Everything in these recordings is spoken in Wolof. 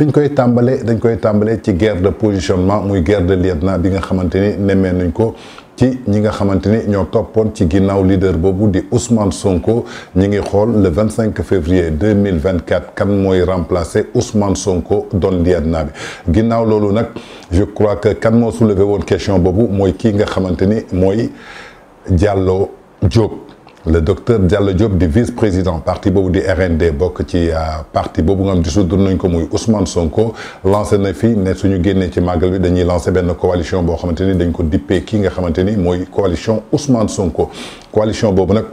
le koy tambalé dañ guerre de positionnement muy guerre de lieutenant bi nga xamanteni némé nañ ko ci ñi nga leader Ousmane Sonko ñi le 25 février 2024, Ousmane Sonko dans le je crois que kan mo soulever question nga Diallo Diop le docteur Diallo Diop vice président parti bobu du RND bok ci euh, parti bobu nga xam dissoudre nañ ko muy Ousmane Sonko lancé na fii ne suñu génnee ci magal bi dañuy lancer ben coalition bo xamanteni dañ ko dippé ki nga xamanteni moy coalition Ousmane Sonko coalition bobu nak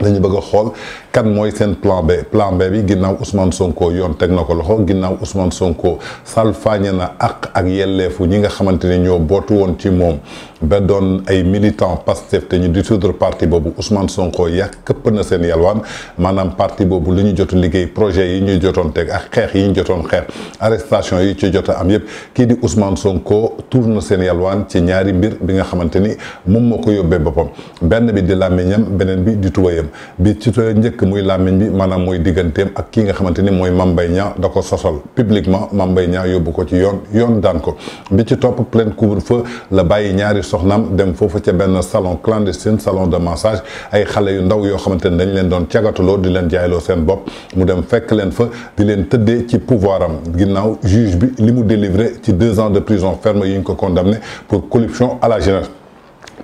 dañu bëgg xol kan mooy seen plan B plan B bi ginnaaw Ousmane Sonko yoon teg na ko loxo ginnaaw Ousmane Sonko salfaañe na àq ak yelleefu ñi nga xamante ne ñoo bootu woon ci moom ba doon ay militant Pastef te ñu dissoudre parti boobu Ousmane Sonko yàq këpp na seen yalwaan maanaam parti boobu li ñu jotu liggéey projet yi ñu jotoon teg ak xeex yi ñu jotoon xeex arrestation yi ci jot am yëpp kii di Ousmane Sonko tuur na seen yalwaan ci ñaari mbir bi nga xamante ni moom moo ko yóbbee boppam benn bi di làmmiñam beneen bi di tubayam muy lamine bi manam moy digantem ak ki nga xamanteni moy mooy Mame Mbaye Niang da publiquement Mame Mbaye Niang yóbbu ci yoon yoon dan ko bi ci top plein couvre-feu la bàyyi ñaari soxnam dem fofu ci ben salon clandestin salon de massage ay xalé yu ndaw yo xamanteni dañ leen don cagatuloo di leen jaylo sen bop mu dem fekk leen fa di leen tëddee ci pouvoiram ginnaw juge bi li mu délivré ci 2 ans de prison ferme yi ko condamné pour corruption à la jeunesse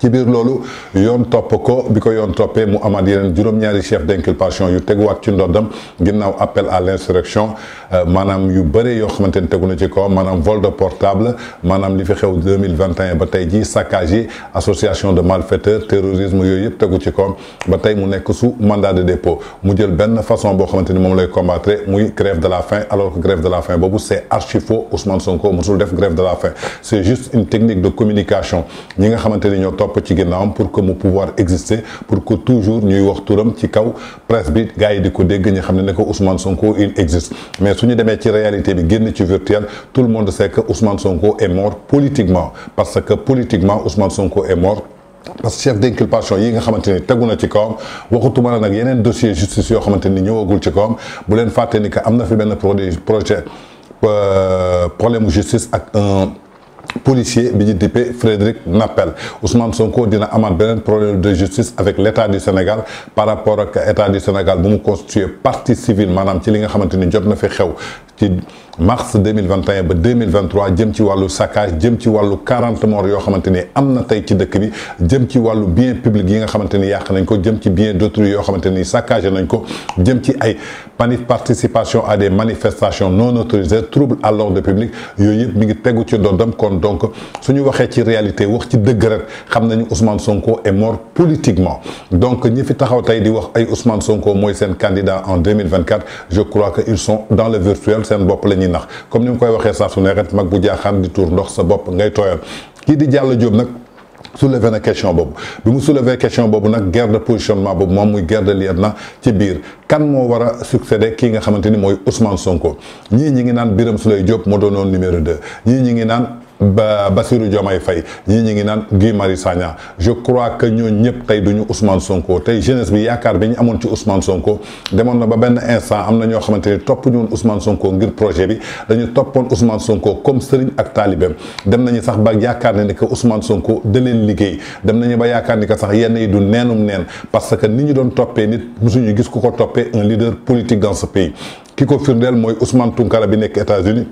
kibir biir yon top ko biko yon topé toppee mu amaat yeneen juróom-ñaari chef d'inculpation yu teguwaat ci ndodam ginnaw appel à l'insurrection euh, manam yu bëre yo xamantene ni na ci kaw manam vol de portable manam li fi xew 2021 ba tay ji saccage association de malfaiteurs terrorisme yooyu yëpp tegu ci kaw ba tay mu nekk sous mandat de dépôt mu jël ben, façon bo xamantene mom lay combattre muy grève de la faim alors que grève de la faim boobu c'est archi faux Ousmane Sonko musul def grève de la faim c'est juste une technique de communication ñi nga xamante ni ñoo top pour que mon pouvoir existe, pour que toujours ñuy wax turam presse bi Ousmane Sonko il existe mais si ci réalité tout le monde sait que Ousmane Sonko est mort politiquement parce que politiquement Ousmane Sonko est mort. parce que chef d'inculpation Il nga a ci justice ci euh, justice policier bi Frédéric Nappel Ousmane Sonko dina a un problème de justice avec l'État du Sénégal par rapport à l'État du Sénégal bu mu partie civile Madame, ci li nga ne fait jot mars 2021 2023 jëm ci walu saccage jëm ci walu 40 morts yo xamante amna tay J'ai ci dëkk bi jëm ci walu bien public yi nga xamante nañ ko ci bien d'autres. yo xamante ni nañ ko ci ay participation à des manifestations non autorisées troubles à l'ordre public yoyep mi donc réalité wax ci Ousmane Sonko est mort politiquement donc ñi fi taxaw tay Ousmane Sonko moy candidat en 2024 je crois que sont dans le virtuel comme ni koy waxé sa su ne mag bu di ndox sa soulevé na question boobu bi mu soulevé question boobu nag guerre de positionnement boobu moom muy gerde de na ci biir kan moo war a succédé kii nga xamante ni mooy Ousmane Sonko ñii ñi ngi naan biram Souleye Diop moo doonoon numéro de ñii ñi ngi naan. Bassirou Diomaye Faye ñi ñi ngi nan Guy Marius Sagna je crois que ñoo ñep tay duñu Ousmane Sonko tay jeunesse bi yaakaar bi ñu amon ci Ousmane Sonko na ba ben instant amna ño xamanteni top ñu Ousmane Sonko ngir projet bi dañu topone Ousmane Sonko comme Serigne ak Talibem dem nañu sax ba yaakaar ne que Ousmane Sonko de len liggey dem nañu ba yakar ni ka sax yenn yi du nenum nen parce que ni ñu don topé nit musuñu gis ku ko un leader politique dans ce pays kiko ko moy Ousmane Tounkara bi nek États-Unis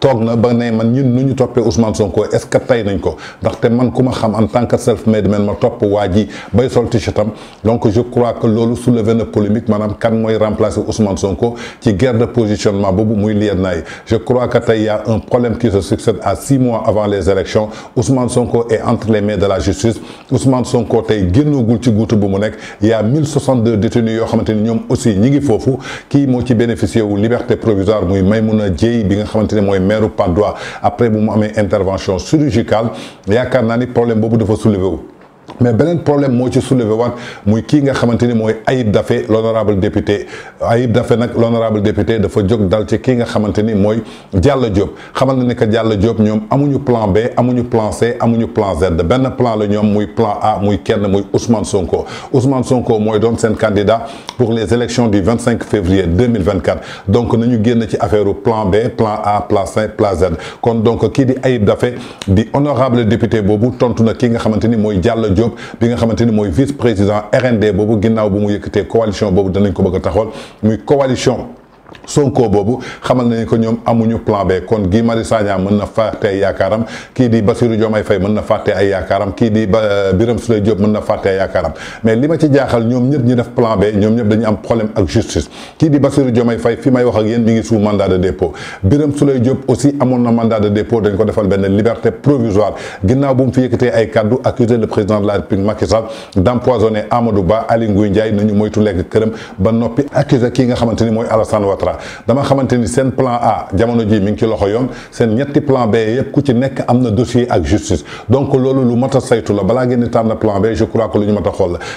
toog na ba ne man ñun ñu topé Ousmane Sonko est ce que tey nañ ko ndax té man kuma xam en tant que self made man ma topp waa bay sol t-shirt donc je crois que lolu soulever na polémique manam kan moy remplacer Ousmane Sonko ci guerre de positionnement bobu muy liennaay je crois que tey y a un problème qui se succède à 6 mois avant les élections Ousmane Sonko est entre les mains de la justice Ousmane Sonko tay génnagul ci guutu bu mu nekk y a 1062 détenus yo xamanteni ñom aussi ñi ngi foofu kii moo ci bénéficié wu liberté provisoire muy Maimouna Dièye bi nga xamante ne mooy maire Patte d'Oie après bu mu amee intervention chirurgicale yaakaar naa ni problème boobu dafa soulevé mais benen problème mo ci soulevé wat muy ki nga xamanteni moy Ayib dafé l'honorable député Ayib Dafé nak l'honorable député dafa jog dal ci ki nga xamanteni moy Diallo Diop xamal na ni ka Diallo Diop ñom amuñu plan B amuñu plan C amuñu plan Z benn plan la ñom muy plan A muy kenn muy Ousmane Sonko Ousmane Sonko moy don sen candidat pour les élections du 25 février 2024 donc nañu guen ci affaire plan B plan A plan C plan Z kon donc qui di Ayib Dafé, di honorable député bobu tontu na kii nga xamanteni moy Diallo Diop bi nga xamanteni moy vice président RND bobu ginnaw bu mu yëkëté coalition bobu danañ ko bëgg taxol taxawal muy coalition Sonko boobu xamal nañu ko ñoom amuñu plan B kon Guy Marius Sagna mën na fàtte ay yaakaaram kii di Bassirou Diomaye Faye mën na fàtte ay yaakaaram kii di euh, Birame Souleye Diop mën na fàtte ay yaakaaram mais li ma ci jaaxal ñoom ñëpp ñu def plan B ñoom ñëpp dañu am problème ak justice kii di Bassirou Diomaye Faye fi may wax ak yéen mi ngi sous mandat de dépôt Birame Souleye Diop aussi amoon na mandat de dépôt dañ ko defal benn liberté provisoire ginnaaw bu mu fi yëkkatee ay kaddu accuser le président de la République Macky moytu lekk këram ba noppi kii nga xamante ni mooy Alassane Ouattara dama xamanteni sen plan A jamono ji mi ngi ci loxo yon sen ñetti plan B yépp ku ci nekk amna dossier ak justice donc lolu lu mata saytu la bala ngeen tan la plan B je crois que lu ñu mat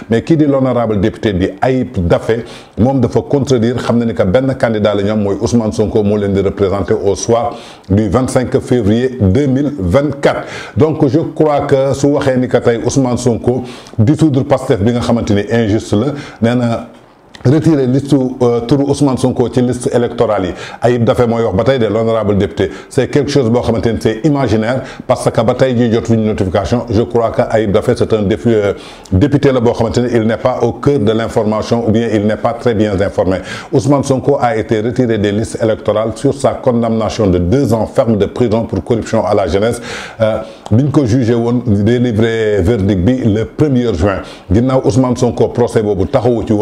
mais qui di l'honorable député di Ayib Dafé mom dafa contredire xamna ni ka ben candidat la ñom moy Ousmane Sonko mo leen di représenter au soir du 25 février 2024 donc je crois que su waxé ni ka tay Ousmane Sonko du Pastef bi nga xamanteni injuste la néna na retiré liste euh, tour Ousmane Sonko ci liste électorale de l'honorable député c'est quelque chose de c'est imaginaire parce que batay notification je crois que Ayib c'est un euh, député il n'est pas au cœur de l'information ou bien il n'est pas très bien informé Ousmane Sonko a été retiré des listes électorales sur sa condamnation de deux ans ferme de prison pour corruption à la jeunesse euh, biñ ko jugé délivré verdict bi le 1er juin ginnaw Ousmane Sonko procès bobu taxawu ci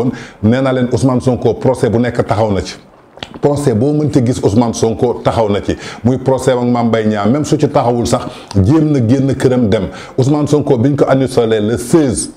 naa leen Ousmane Sonko procès bu nekk taxaw na ci. procès boo mënte gis Ousmane Sonko taxaw na ci muy procès ak Mame Mbaye même su ci taxawul sax jéem na génn këram dem Ousmane Sonko biñ ko annulé le 16.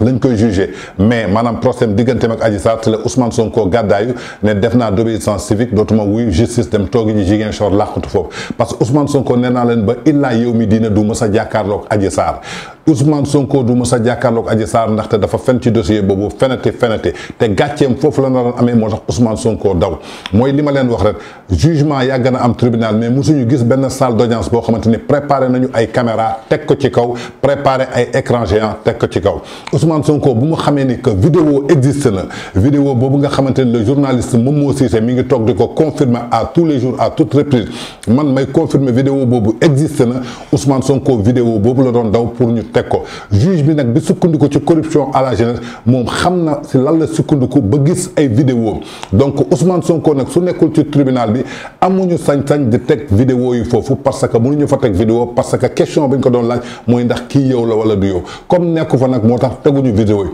lañ koy jugé mais maanaam procès am digganteem ak Adji Sarr te la Ousmane Sonko gàddaayu ne def naa d'obéissance civique dootuma wuy justice dem toogi ji Ziguinchor làqatu foofu parce que Ousmane Sonko nee naa leen ba illaa yow mi diina du mës a jàkkaarloog Adji Sarr Ousmane Sonko du mos a jàkkaarloog Adji ndax ndaxte dafa fen ci dossier bobu fenati fenati te gàcceem fofu la naroon amee moo tax Ousmane Sonko daw moy li ma leen wax rek jugement yagana am tribunal mais musuñu gis ben salle d'audience bo xamanteni préparé nañu ay caméra tek ko ci kaw préparé ay écran géant tek ko ci kaw Ousmane Sonko bu mu xamee ni que vidéo existe na vidéo bobu nga xamanteni le journaliste Momo Cissé mi ngi tok di ko confirmer à tous les jours à toute reprise man may confirmer vidéo bobu existe na Ousmane Sonko vidéo bobu la don daw pour ñu teg ko juge bi nak bi sukkundiko ci corruption à la jeunesse Mon xamna ci là lan la sukkandiku ba gis ay vidéo donc Ousmane Sonko nak su nekul ci tribunal bi amuñu sañ-sañ vidéo. Il vidéo yi fofu parce que mënuñu fa teg vidéo parce que question biñ ko don laaj moy ndax ki yow la wala du yow comme nekku fa nag moo teguñu vidéo yi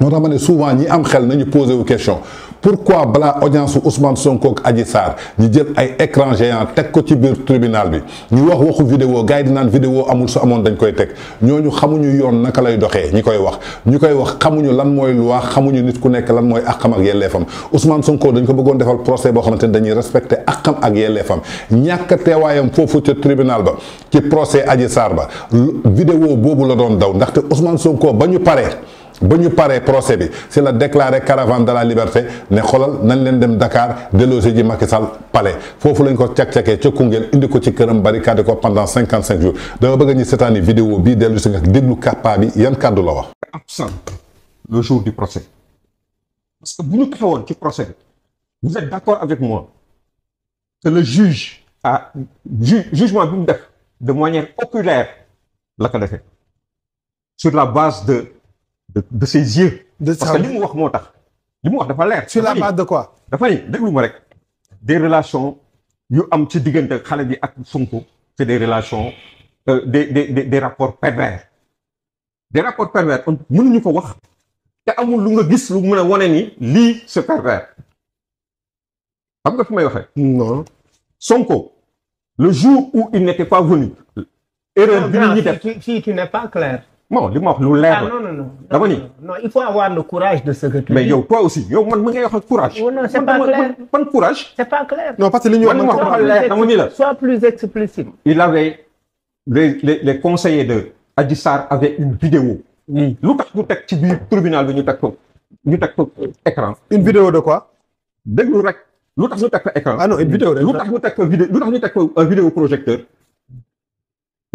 moo souvent ñi am xel nañu posé wu question pourquoi bla audience Ousmane Sonko ak Adji Sarr ñu jël ay écran géant tek ko ci bir tribunal bi ñu wax waxu vidéo gaay yi di naan vidéo amul su amone dañ koy tek ñoñu xamuñu yoon naka lay doxé ñi koy wax ñi koy wax xamuñu lan moy loi xamuñu nit ku nekk lan moy akam ak yelleefam Ousmane Sonko dañ ko bëggoon defal procès bo xamanteni ne dañuy respecté àqam ak yelleefam ñak téwayam fofu ci tribunal ba ci procès Adji Sarr ba vidéo bobu la doon daw ndaxte Ousmane Sonko bañu paré Bonne parée procès bi la déclaré caravane de la liberté ne xolal nañ leen dem Dakar déloger ji Macky palais foofu lañ ko cag-cagee ca Koungheul indi ko ci barricade ko pendant 55 cinq jours dama bëgg cette année vidéo bi dellu si nga déglu kàppaa bi yan absent le jour du procès parce que vous nous taxawoon ci procès vous êtes d'accord avec moi que le juge a ju jugement de manière populaire la ko sur la base de de de ses yeux. de parce que li mu wax moo tax li mu wax dafa sur la base de quoi dafa ni déglu ma rek. des relations yu am ci diggante xale bi ak Sonko c'est des relations euh, des des des des rapports pervers des rapports pervers on mënuñu ko wax. te amul lu nga gis lu mën a wane ni li, ce pervers. Am, nga fi may non Sonko. le jour où il n'était pas venu. erreur bi nit def si si tu n'es pas clair non dis-moi, wax lu leer ah, non non non non il faut avoir le courage de ce que tu dis. mais toi aussi yo man mi ngay wax courage. Oh, non c'est pas clair Pas courage. c'est pas clair non parce que li ñu wax sois plus explicite. il avait les les les conseillers de Adji avaient une vidéo. lu tax ñu teg ci tribunal bi ñu teg ñu écran. une vidéo de quoi. déglu rek lu tax ñu teg écran. ah non une vidéo de lu tax ñu teg vidéo ñu euh, vidéo projecteur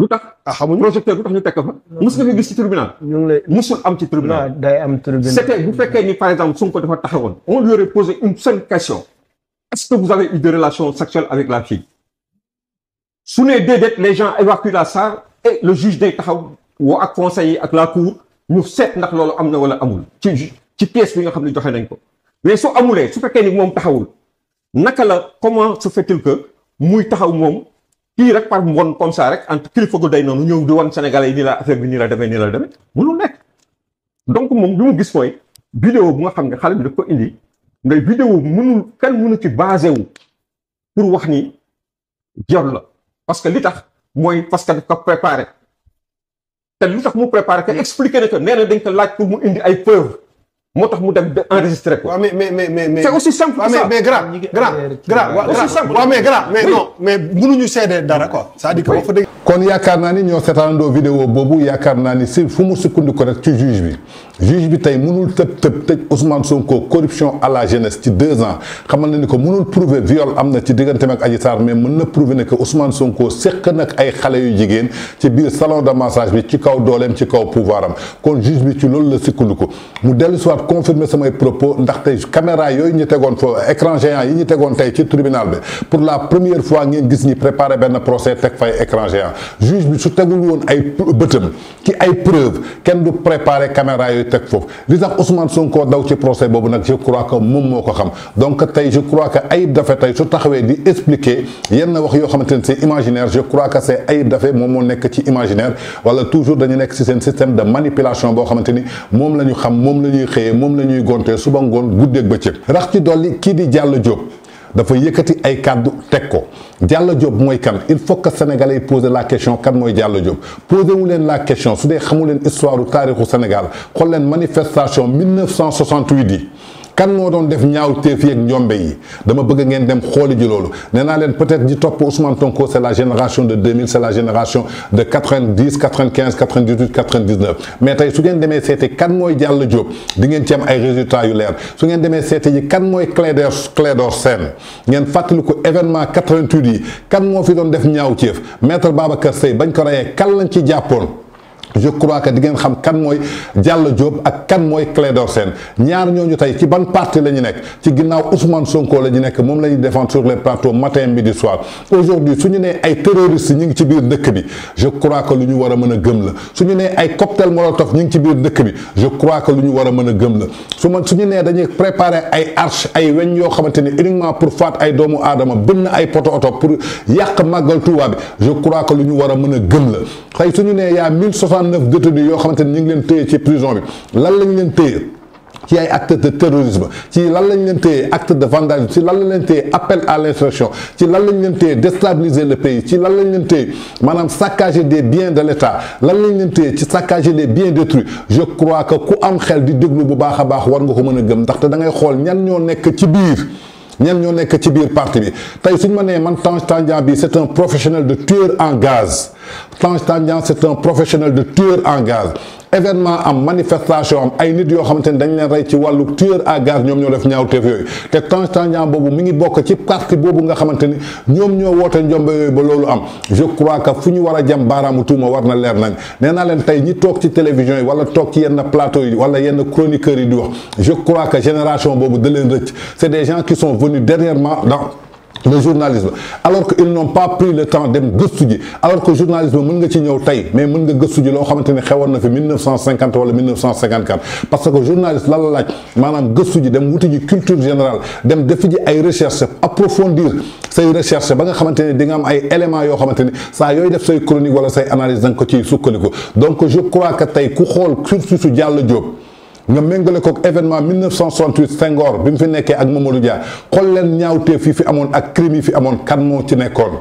lu ah xamuñu projecteur lu ñu teg fa. nga fi gis ci tribunal. ñu ngi lay mosul am ci tribunal. day am tribunal c'était bu fekkee ni par exemple Sonko dafa taxawon on lui aurait posé une seule question. est-ce que vous avez eu des relations sexuelles avec la fille. su ne déedéet les gens évacuent la salle et le juge day taxaw woo ak conseil ak la cour ñu seet ndax loolu am na wala amul ci ci pièce bi nga xam ne joxe nañ ko mais su amulee su fekkee ni moom taxawul naka la comment se fait-il que muy taxaw moom. kii rek par ngoon comme ça rek entre kilifa gu day noonu ñëw di wan Sénégalais yi nii la affaire bi nii la demee nii la demee mënul nekk donc moom li mu gis mooy vidéo bu nga xam ne xale bi daf ko indi ngay vidéo mënul kenn munu ci basé wu pour wax ni viol la parce que li tax mooy parce que daf ko préparé te li tax mu préparé que expliqué ne que nee na dañ ko laaj pour mu indi ay preuve moo tax mu dem enregistré ko. waaw mais mais mais mais. c'est aussi simple que mais grand grand grand aussi simple. waaw mais grand mais dara quoi. c'est-à-dire que kon yaakaar ni ñoo seetaandoo vidéo bobu yaakaar naa ni si fu mu ko rek ci juge bi juge bi tay mënul tepp tepp tej Ousmane Sonko corruption à la jeunesse ci 2 ans xamal na ni ko mënul prouver viol amna na ci digganteem ak Adji Sarr mais mëna prouver ne que Ousmane Sonko séq nak ay xalé yu jigéen ci biir salon de massage bi ci kaw dolem ci kaw pouvoir kon juge bi ci loolu la ko mu dellu soit confirmer samay propos tay caméra yoy ñi tégon fo écran géant yi ñi tégon tay ci tribunal bi pour la première fois ngeen gis ni préparer ben procès tek fay écran géant juge bi su tagul won ay bëtam ci ay preuve ken du préparer caméra yooyu tek fof li tax Ousmane Sonko daw ci procès bobu nak je crois que mom moko xam donc tay je crois que Ayib dafa tay su taxawé di expliquer yenn wax yo xamanteni c'est imaginaire je crois que c'est Ayib dafa moom moo nekk ci imaginaire wala toujours dañu nek ci sen système de manipulation bo xamanteni mom lañu xam mom lañuy xeyé mom lañuy gonté ñuy gontee suba ngoon guddeeg bëccëg rax ci doli ki di Diallo Diop ay Diallo il faut que sénégalais posent la question kan vous Diallo la question su vous xamu len histoire au Sénégal xool manifestation manifestation 1968 kan mo doon def ñaaw téef ak ñombe yi dama bëgg ngeen dem xooli ji loolu neena naa leen peut-être di top Ousmane Tonko c'est la génération de 2000 c'est la génération de 90 95 98 99 mais tay su ngeen demee seeti kan moy Diallo Diop di ngeen ci am ay résultats yu leer su ngeen demee seeti yi kan moy Clédor Clédor Sène ngeen fàttaliku événement 88 yi kan mo fi doon def ñaaw téef maître Babacar Sey bañ ko reyee kan lañ ci jàppoon je crois que di ngeen xam kan moy Diallo Diop ak kan moy Clédor Sène ñaar ñooñu tay ci ban parti lañu ñu nekk ci ginnaw Ousmane Sonko lañu ñu nekk moom la défendre sur les plateaux matin midi soir aujourd'hui suñu né ay terroristes ñu ci biir dëkk bi je crois que lu ñu war a gëm la suñu né ay cocktail molotov ñu ci biir dëkk bi je crois que lu ñu war a gëm la su ma su dañuy préparer ay arche ay weñ yo xamanteni uniquement pour faat ay doomu adama bënn ay poto auto pour yak magal Tuuba bi je crois que lu ñu war a gëm la tey suñu né ya y 69 détenus yoo xamanteni ni ngi leen téye ci prison bi lan lañ leen ci ay acte de terrorisme ci lan lañ leen acte de vandalisme ci lan lañ leen appel à l'instruction, ci lan lañ leen téye déstabiliser le pays ci lan lañ leen téye manam saccager des biens de l'État lan lañ leen téye ci saccager des biens détruits je crois que ku am xel di déglu bu baax a baax war nga ko mën a gëm ndaxte da ngay xool ñan ñoo nekk ci biir ñan ñoo nekk ci biir parti bi tey suñu ma nee man Tandian bi c'est un professionnel de tueur en gaz Tang Tandian c'est un professionnel de tueur en gaz événement am manifestation am ay nit yo xamanteni dañ leen ray ci walu tueur à gage ñom ñoo def ñaawteef té constant Tange bobu mi ngi bok ci parti bobu nga xamanteni ni ñoo woote njombe yoy ba lolu am je crois que fuñu wara war baramu jëm baaraamu tuuma war na leer nañ nee na leen tay ñi tok ci télévision yi wala tok ci yenn plateau yi wala yenn chroniqueur yi di wax je crois que génération bobu de leen recc c'est des gens qui sont venus dernièrement dans le journalisme alors qu'ils n'ont pas pris le temps d'étudier. alors que journalisme mën nga ci ñew tay mais mën nga gëstu ji loo xamante ne na fi 1950 wala 1954 parce que journaliste journalisme, la laaj manam gëstu ji dem wuti ji culture générale dem def ji ay recherches, approfondir say recherche ba nga xamante ne di nga am ay éléments yo xamante ça yoy def say chronique wala say analyse da nga ko ciy donc je crois que tay ku cursus cursusu Diallo Diop nga méngale ko événement 1968 sengor bi fi nekkee ak Mamadou Dia xool leen ñaawteef yi fi amone ak crime fi amone kan mo ci nekkoon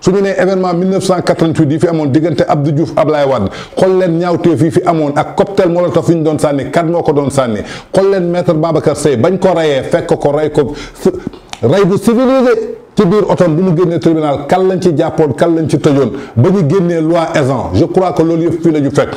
suñu né événement 1988 fi amone diggante Abdou Diouf Ablaye wad xool leen ñaawteef yi fi amone ak cocktail molotov yi ñu doon sanni kan moko ko doon sànni xool leen maître Babacar sey bañ ko rayé fekk ko ray ko ray bu civilisé ci biir otoon bu mu génnee tribunal kan lañ ci jàppoon kan lañ ci tëjoon ba ñu génnee loi Ezzan je crois que loolu yëpp fii la ñu fekk